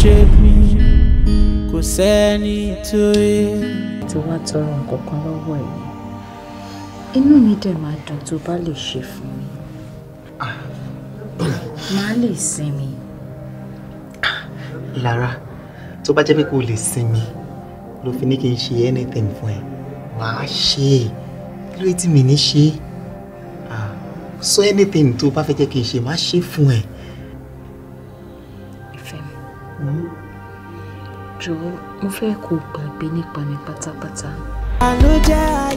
ṣe mí kò sẹ́ni tó yẹ. ti wá tọrọ nǹkan kan lọ́wọ́ ẹ̀ inú mi dẹ̀ máa dùn tó bá lè ṣe fún mi máa lè sinmi. Lára tó bá jẹ́ pé kò lè sinmi ló fi ní kí n ṣe anything fún ẹ wàá ṣe é kí ló tí mi ní ṣe é sọ anything tó bá fẹ́ jẹ́ kí n ṣe má ṣe fún ẹ. ìfẹ́ mi Hmm? jọ̀wọ́ mo fẹ́ kó gbàgbé nípa mi pátápátá. àlọ́ jẹ́ àlọ́.